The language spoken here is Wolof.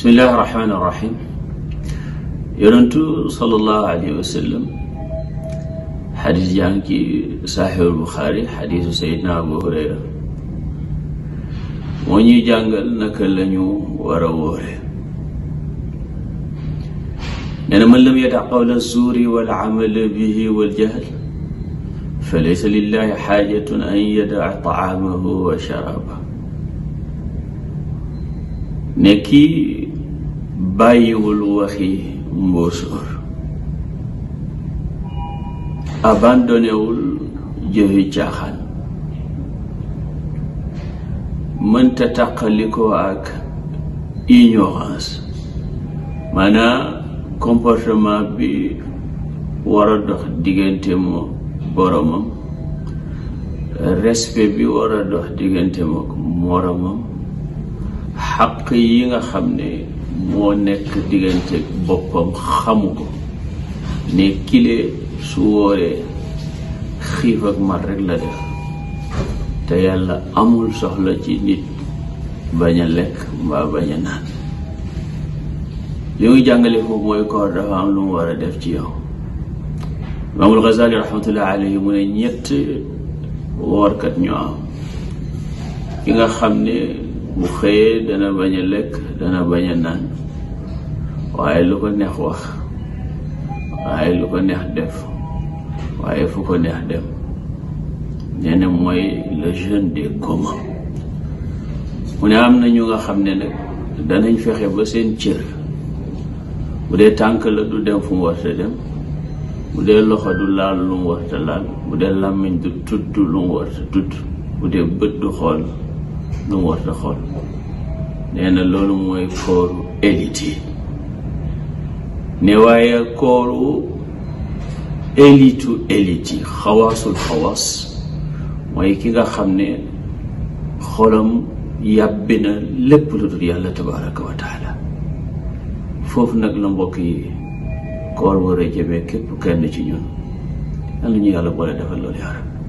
bismillahi rahmaani rahim yonentu sallallahu alayhi wa sallam xadis yaa ngi ci saxiixul buxaari xadisu sayidna abu hurayra moo ñuy jàngal naka la ñu war a wóore nee na man lam yada qawla zuuri wal amala bihi wal jahl fa laysa lillahi xaajatun an yadaa taamahu wa sharabahu ne kii bàyyiwul waxi mbóosóor abandonewul jëfi caaxaan mënta tàqalikoo ak ignorance maanaam comportement bi wara a dox diggante moo boromam respect bi war a dox diggante mook moromam xaq yi nga xam ne moo nekk diggante boppam xamu ko ne kilee su wooree xiif ak mar rek la def te yàlla amul soxla ci nit bañ a lekk mbaa bañ a naan li muy jàngale foofu mooy koor dafa am lu mu war a def ci yow imaamul Ghazali rahmatullah mu ne ñett woorkat ñoo am ki nga xam ne bu xëyee dana bañ lekk dana bañ naan waaye lu ko neex wax waaye lu ko neex def waaye fu ko neex dem nee na mooy le jeune des communs mu ne am na ñu nga xam ne nag danañ fexe ba seen cër bu dee tànk la du dem fu mu dem bu dee loxo du laal lu mu laal bu dee làmmiñ du tudd lu mu war bu dee bët du xool lu mu war a xool na loolu mooy kooru élite ne waaye kooru élitu élite yi xawaasul xawaas mooy ki nga xam ne xolam yàbbi na lépp lu dul yàlla tabaraka wa foofu nag la mbokk yi koor war a jëmee képp kenn ci ñun yàlla ñu yàlla boole defal loolu yaa